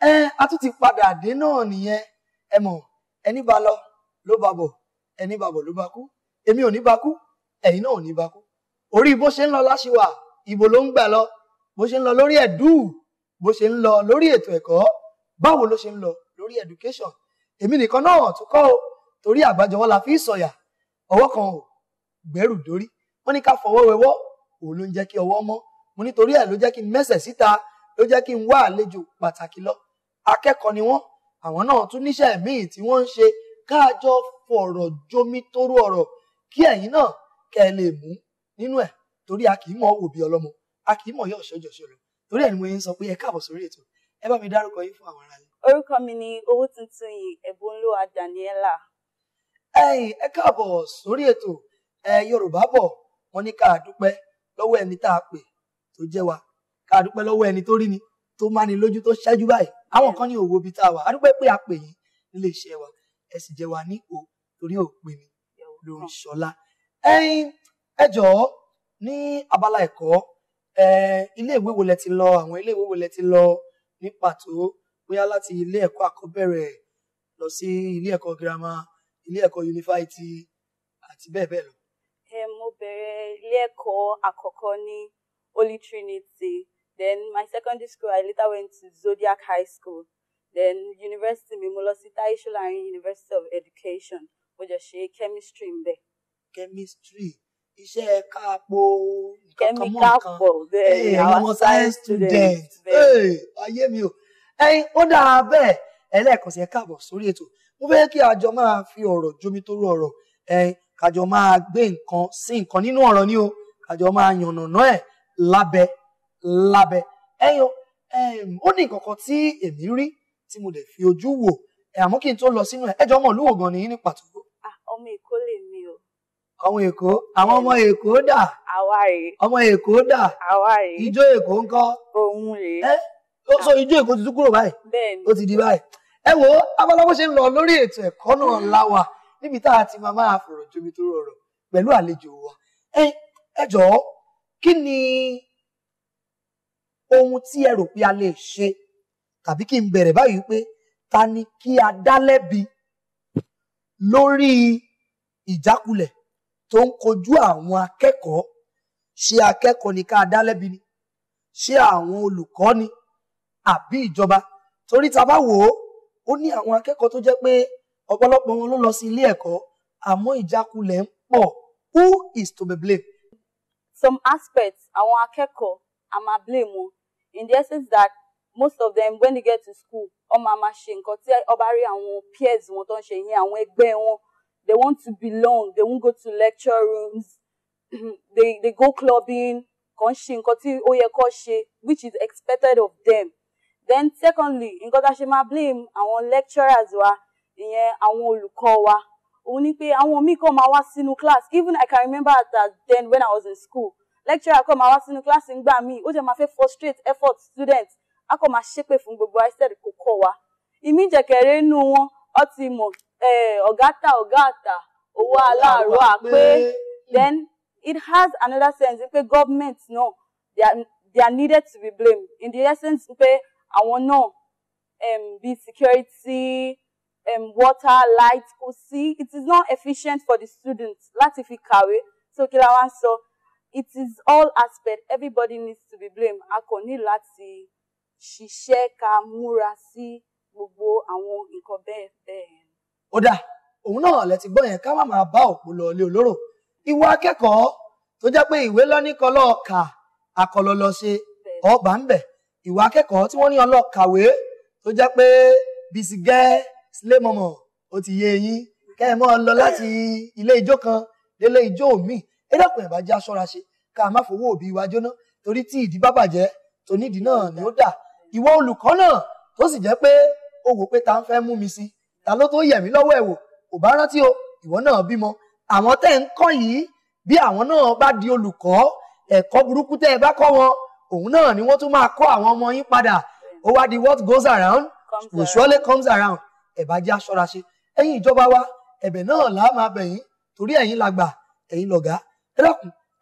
ẹ a tún ti padà dé náà nìyẹn ẹ mọ̀ ẹni bá lọ ló bá bọ̀ ẹni bá bọ̀ ló bá kú èmi ò ní bá kú ẹ̀yin náà ò ní bá kú orí bó ṣe ń lọ láṣìwà ìbò ló ń gbà lọ bó ṣe ń lọ lórí ẹ̀dú bó ṣe ń lọ lórí ètò ẹ̀kọ́ báwo ló ṣe ń lọ lórí education èmi nìkan náà tún kọ́ o torí àgbájọwọ́ la fi sọ̀yà ọwọ́ kan ò gbẹ́rù dórí wọ́n ní ká fọwọ́ wẹwọ́ òun ló ń jẹ́ kí ọwọ́ mọ́ mo nítorí ẹ̀ ló jẹ́ kí n mẹ́sẹ̀ síta ló jẹ́ kí n wá àlejò pàtàkì lọ akẹ́kọ̀ọ́ ni wọ́n àwọn náà tún níṣẹ́ míì tí wọ́n ń ṣe káàjọ fọ̀rọ̀ jomi tóró ọ̀rọ̀ kí ẹ̀yin náà kẹ́ ẹ lè mú nínú ẹ̀ torí a kì í mọ̀ òbí ọlọ́mọ a kì í mọ̀ yóò ṣọjọ́ ṣòro torí ẹ̀ ni mo yẹn ń sọ pé ẹ káàbọ̀ sórí ètò ẹ bá mi dárúkọ yín fún àwọn ará yín. orúkọ mi ni owó tuntun yìí ẹ̀bùn olúwa Daniella. ẹ̀yin ẹ káàbọ̀ sórí ètò ẹ Yorùbá bọ̀ wọ́n ní ká lọ́wọ́ ẹni tá a pè tó jẹ́ wa ká lọ́wọ́ ẹni tó rí ni tó máni lójú tó ṣẹ́jú báyìí àwọn kan ní òwò bíi tá a wà adúpẹ́ pé a pè yín nílé iṣẹ́ wa ẹ sì jẹ́ wa ní o torí òpin ni lórí ṣọlá ẹ̀yin ẹ jọ̀ọ́ ní abala ẹ̀kọ́ ilé ìwé wo lẹ ti lọ àwọn ilé ìwé wo lẹ ti lọ ní pàtó bóyá láti ilé ẹ̀kọ́ àkọ́bẹ̀rẹ̀ lọ sí ilé ẹ̀kọ́ girama ilé ẹ̀kọ́ yunifásitì àti bẹ́ẹ̀ bẹ́ẹ̀ lọ. mo bẹ̀rẹ̀ ilé ẹ̀kọ́ àkọ́kọ́ ní Holy Trinity Then my secondary school, I later went to Zodiac High School. Then university, mi mo lọ sí University of Education. Mo jọ ṣe chemistry ń bẹ̀. Chemistry iṣẹ́ káàpọ̀ kankan mọ́ nǹkan àwọn science student ayé mi o ẹyin ó dáa bẹ́ẹ̀ ẹlẹ́ẹ̀kan sí ẹ káàbọ̀ sórí ètò mo fẹ́ kí àjọ máa fi ọ̀rọ̀ jómi tó rú ọ̀rọ̀ ẹyin kájọ máa gbé nǹkan sí nǹkan nínú ọ̀rọ̀ ni o kájọ máa yànnàná ẹ̀ lábẹ́ lábẹ́ ẹ̀yàn ó ní nǹkan kan tí èmi rí tí mo dẹ̀ fi ojú wò ẹ̀ àmọ́ kí n tó lọ sínú ẹ̀ ẹ̀jọ̀ ọmọ ìlúwò gan ni ní pàtó. Ah, ọmọ èkó lè mi o. ọmọ èkó àwọn ọmọ èkó dà. àwa ọmọ èkó dà. àwa ijó èkó ń kọ́. òun rèé. ẹ so ah. ijó èkó ti tún kúrò báyìí. bẹ́ẹ̀ni ó ti di báyìí. ẹ wo abalawo ṣe ń lọ lórí ètò ẹ̀kọ́ náà láwa níbi tá a ti máa máa fọ̀rọ̀ jomi tó rọrọ̀ àlejò wa. ẹ ẹ kí ni ohun tí ẹ rò pé a lè ṣe tàbí kí n bẹ̀rẹ̀ báyìí pé ta ni kí a dá lẹ́bi lórí ìjákulẹ̀ tó ń kojú àwọn akẹ́kọ̀ọ́ ṣé akẹ́kọ̀ọ́ ni ká dá lẹ́bi ni ṣé àwọn olùkọ́ ni àbí ìjọba torí ta bá wò ó ó ní àwọn akẹ́kọ̀ọ́ tó jẹ́ pé ọ̀pọ̀lọpọ̀ wọn ló lọ sí ilé ẹ̀kọ́ àmọ́ ìjákulẹ̀ ń pọ̀ who is to be blamed. some aspects àwọn akẹ́kọ̀ọ́ a máa blame wọn in the essence that most of them when they get to school ọmọ àmà ṣe nǹkan tí ọba rí àwọn peers wọn tó ń ṣe yẹn àwọn ẹgbẹ́ wọn they want to belong they won't go to lecture rooms they they go clubbing kàn ṣe nǹkan tí ó yẹ kó ṣe which is expected of them then secondly nǹkan tá a ṣe máa blame àwọn lecturers wa ìyẹn àwọn olùkọ́ wa òun ni pé àwọn míì kàn máa wá sínú class even I can remember that then when I was in school lecturer kọ́ máa wá sínú kíláàsì ńgbà míì ó jẹ́ máa fẹ́ frustrate effort students a kọ́ máa ṣépè fún gbogbo isted kò kọ́ wa ìmí jẹ̀kẹ̀rẹ̀ inú wọn ọ ti mọ̀ ọ̀gá ta ọ̀gá àtà owó aláàárọ̀ àpé then it has another sense pé government náà they are, needed to be blamed in the essence pé àwọn náà um, be security um, water light kò sí it is not efficient for the students láti fi kàwé so kí la wá ń sọ it is all aspect everybody needs to be blamed a kò ní láti ṣiṣẹ́ ká múra sí gbogbo àwọn nǹkan bẹ́ẹ̀ bẹ́ẹ̀. ó dáa òun náà lẹ ti gbọ́ yẹn ká má máa bá òpó lọ ilé olóró ìwà akẹ́kọ̀ọ́ tó jẹ́ pé ìwé lọ́nìkan lọ́ọ̀ka àkọlọ ṣe ọba ń bẹ̀ ìwà akẹ́kọ̀ọ́ tí wọ́n ní ọlọ́ọ̀kàwé tó jẹ́ pé bisigẹ́ sílẹ̀ mọ̀mọ́ ó ti yé yín kẹ́ ẹ mọ́ lọ láti ilé ijó kan délé ijó míì ẹ dẹ́kun ẹ̀ bá jẹ́ aṣọ́ra ṣe ká má fowó òbí wa jóná torí tí ìdí bá bàjẹ́ tonídìí náà ni ó dà ìwọ olùkọ́ náà tó sì jẹ́ pé ó wò pé ta ń fẹ́ mú mi sí ta ló tó yẹ̀ mí lọ́wọ́ ẹ̀ kò bá rántí o ìwọ náà bímọ àwọn tẹ́ ń kọ́ yìí bí àwọn náà bá di olùkọ́ ẹ̀kọ́ burúkú tẹ́ ẹ bá kọ́ wọn òun náà ni wọ́n tún máa kọ́ àwọn ọmọ yín padà ó wá di what goes around will surely comes around ẹ bá jẹ́ aṣọ́ra ṣe ẹ̀yin ìjọba wa ẹ̀bẹ̀ náà là máa bẹ̀ torí ẹ̀yin làgbà ẹ̀yin lọ̀gá ẹ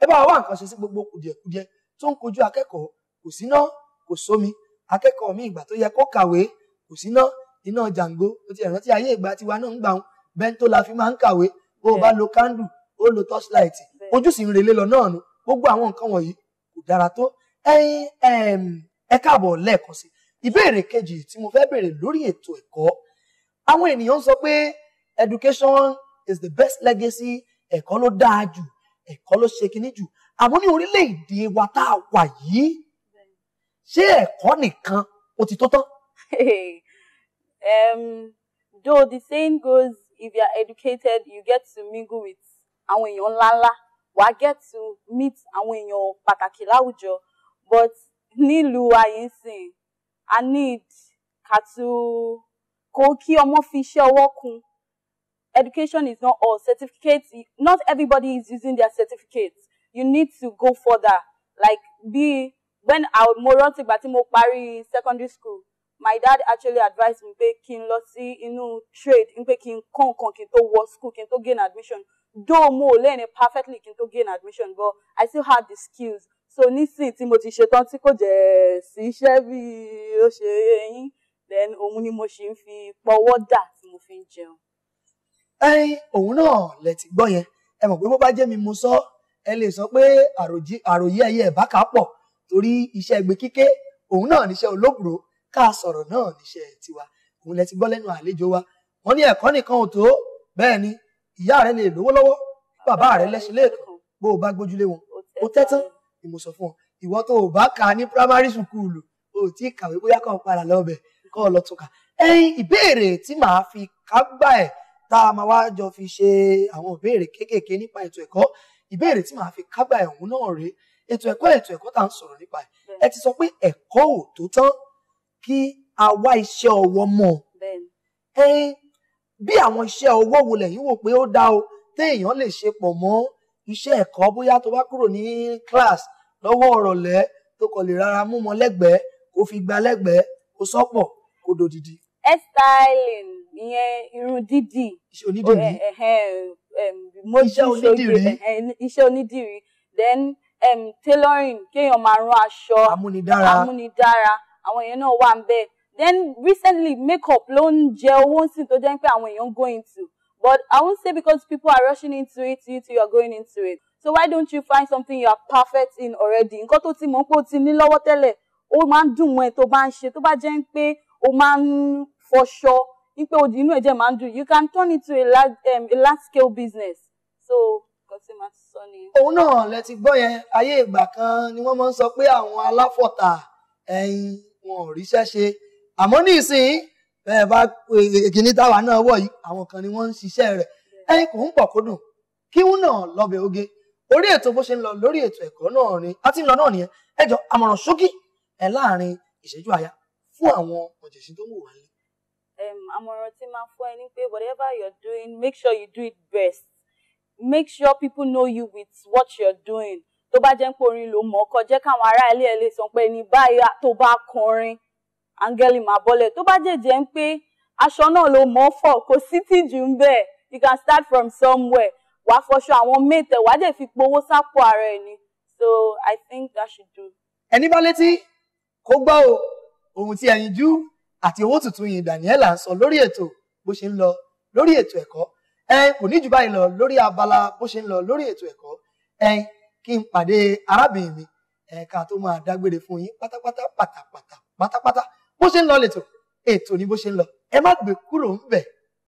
ẹ bá wa nǹkan ṣe sí gbogbo kùdìẹ̀kudiẹ tó ń kojú akẹ́kọ̀ọ́ kò síná kò sómi akẹ́kọ̀ọ́ mi ìgbà tó yẹ kó kàwé kò síná iná jàǹgó ó ti rántí ayé ìgbà tiwa náà ń gbà wọn bẹ́ńtó la fi máa ń kàwé bó o bá lo kándù ó lo torchlight ojú sì ń relé lọ náà nu gbogbo àwọn nǹkan wọ̀nyí kò dára tó ẹ̀yin ẹ káàbọ̀ lẹ́ẹ̀kan sí ìbéèrè kejì tí mo fẹ́ béèrè lórí ètò ẹ̀kọ́ àwọn ènìyàn sọ pé education is the best legacy ẹ̀kọ́ ló dáa jù ẹ̀kọ́ ló ṣe kinní jù àmọ́ ní orílẹ̀-èdè wa tá a wà yìí ṣé ẹ̀kọ́ nìkan ó ti tó um, though the saying goes if you are educated you get to mingle with àwọn èèyàn ńláńlá wàá get to meet àwọn èèyàn pàtàkì láwùjọ but nílùú ayínsìn i need ká tún kó kí ọmọ fi iṣẹ́ ọwọ́ kun education is not all. Certificates, not everybody is using their certificates. You need to go further. Like, be, when I mo rántí ìgbà tí mo parí secondary school, my dad actually advised me pé kí n lọ sí inú trade, n pé kí n kàn kàn kí n school, kí to gain admission. Though mo learn it perfectly kí to gain admission, but I still had the skills. So nísìnyí tí mo ti ṣetán tí kò jẹ́ si iṣẹ́ bí ó ṣe yẹ then òun ni mo ṣì ń fi pọwọ́ dà tí mo fi ń jẹun ẹyin òun náà lẹ ti gbọ́ yẹn ẹ mọ̀ pé bó bá jẹ́ mi mo sọ ẹ lè sọ pé àròyé ẹyẹ ìbáka pọ̀ torí iṣẹ́ ẹgbẹ́ kíké òun náà níṣẹ́ olóbùrò ká sọ̀rọ̀ náà níṣẹ́ tiwa òun lẹ ti gbọ́ lẹ́nu àlejò wa wọ́n ní ẹ̀kọ́ nìkan ò tó bẹ́ẹ̀ ni ìyá rẹ lè lówó lọ́wọ́ bàbá rẹ lẹ́sìn lẹ́ẹ̀kan bó o bá gbójúlé wọn o tẹ́tán ni mo sọ fún ọ ìwọ tó o bá kà ní primary school o ti kàwé bóyá kàn padà lọ́bẹ̀ kọ́ ọ lọ tún kà ẹyin ìbéèrè tí màá fi kágbá ẹ̀ tá a máa wá jọ fi ṣe àwọn ìbéèrè kéékèèké nípa ètò ẹ̀kọ́ ìbéèrè tí màá fi kágbà ẹ̀hún náà rèé ètò ẹ̀kọ́ ètò ẹ̀kọ́ tá à ń sọ̀rọ̀ nípa ẹ̀ ẹ ti sọ pé ẹ̀kọ́ ò tó tán kí a wá iṣẹ́ ọwọ́ mọ̀ ẹ̀yin bí àwọn iṣẹ́ ọwọ́ wo lẹ̀yin wò pé ó dá o téèyàn lè ṣe pọ̀ mọ́ iṣẹ́ ẹ̀kọ́ bóyá tó bá kúrò ní class lọ́wọ́ ọ̀rọ̀lẹ́ tó kọ̀ lè rárá mú mọ́ lẹ́gbẹ̀ẹ́ kó fi gba lẹ́gbẹ̀ẹ́ kó sọ́pọ̀ kó dòdìdì. hair styling ìyẹn irun dídì onídìrí eh, eh, eh, iṣẹ́ onídìrí then um, tailoring kéèyàn máa rán aṣọ amúnidára amúnidára àwọn èèyàn náà wà ń bẹ̀ then recently makeup ló ń jẹ owó sí tó jẹ́ pé àwọn èèyàn ń go but I won't say because people are rushing into it you too you are going into it so why don't you find something you are perfect in already nǹkan tó ti mọ̀ pé o ti ní lọ́wọ́ tẹ́lẹ̀ ó máa ń dùn mọ́ ẹ tó bá ń ṣe tó bá jẹ́ pé o máa ń fọṣọ pé inú ẹ̀jẹ̀ máa ń dùn you can turn it to a large, um, a large scale business so nǹkan tí màá sọ ni. òun náà lẹ ti gbọ́ yẹn ayé ìgbà kan ni wọ́n máa ń sọ pé àwọn aláfọ̀tà ẹ̀yìn wọn ò ríṣẹ́ ṣe àmọ́ ní ìsìn bẹ́ẹ̀ bá èkìní e, e, táwa náà wọ̀ yìí àwọn kan ni wọ́n ń ṣiṣẹ́ rẹ̀ ẹ̀yìn kò ń pọ̀ kó dùn kí wọn náà lọ́bẹ̀ oge orí ètò bó ṣe ń lọ lórí ètò ẹ̀kọ́ náà ni a ti ń lọ náà nìyẹn ẹ jọ àmọ̀ràn ṣókí ẹ láàrin ìṣẹ́jú àyà fún àwọn ọ̀jẹ̀ṣin tó ń wò wá um, àmọ̀ràn tí máa fún ẹ ní pé whatever you're doing make sure you do it best make sure people know you with what you're doing tó bá jẹ́ ń pé orin ló mọ̀ ọkọ jẹ́ káwọn ará ilé ẹ lè sọ pé ní báyìí tó bá kọrin áńgẹ́lì máa bọ́lẹ̀ tó bá jẹ́jẹ́ ń pé aṣọ náà ló mọ̀ fọ̀ kò sí tìjú ń bẹ̀ you can start from somewhere wàá fọṣọ àwọn mẹ́tẹ̀ wàá dẹ̀ fi powó sápò ara ẹ̀ ni so I think that should do. ẹni bá létí kó gbọ́ ohun tí ẹ̀yin jú àti owó tuntun yìí Daniella ń sọ lórí ètò bó ṣe ń lọ lórí ètò ẹ̀kọ́ ẹ kò ní jù báyìí lọ lórí abala bó ṣe ń lọ lórí ètò ẹ̀kọ́ ẹ kí n pàdé arábìnrin mi ẹ ká tó máa dágbére fún yín pátápátá pátápátá pátápátá bó ṣe ń lọ lẹ́tọ̀ ètò ni bó ṣe ń lọ ẹ má gbé kúrò ń bẹ̀.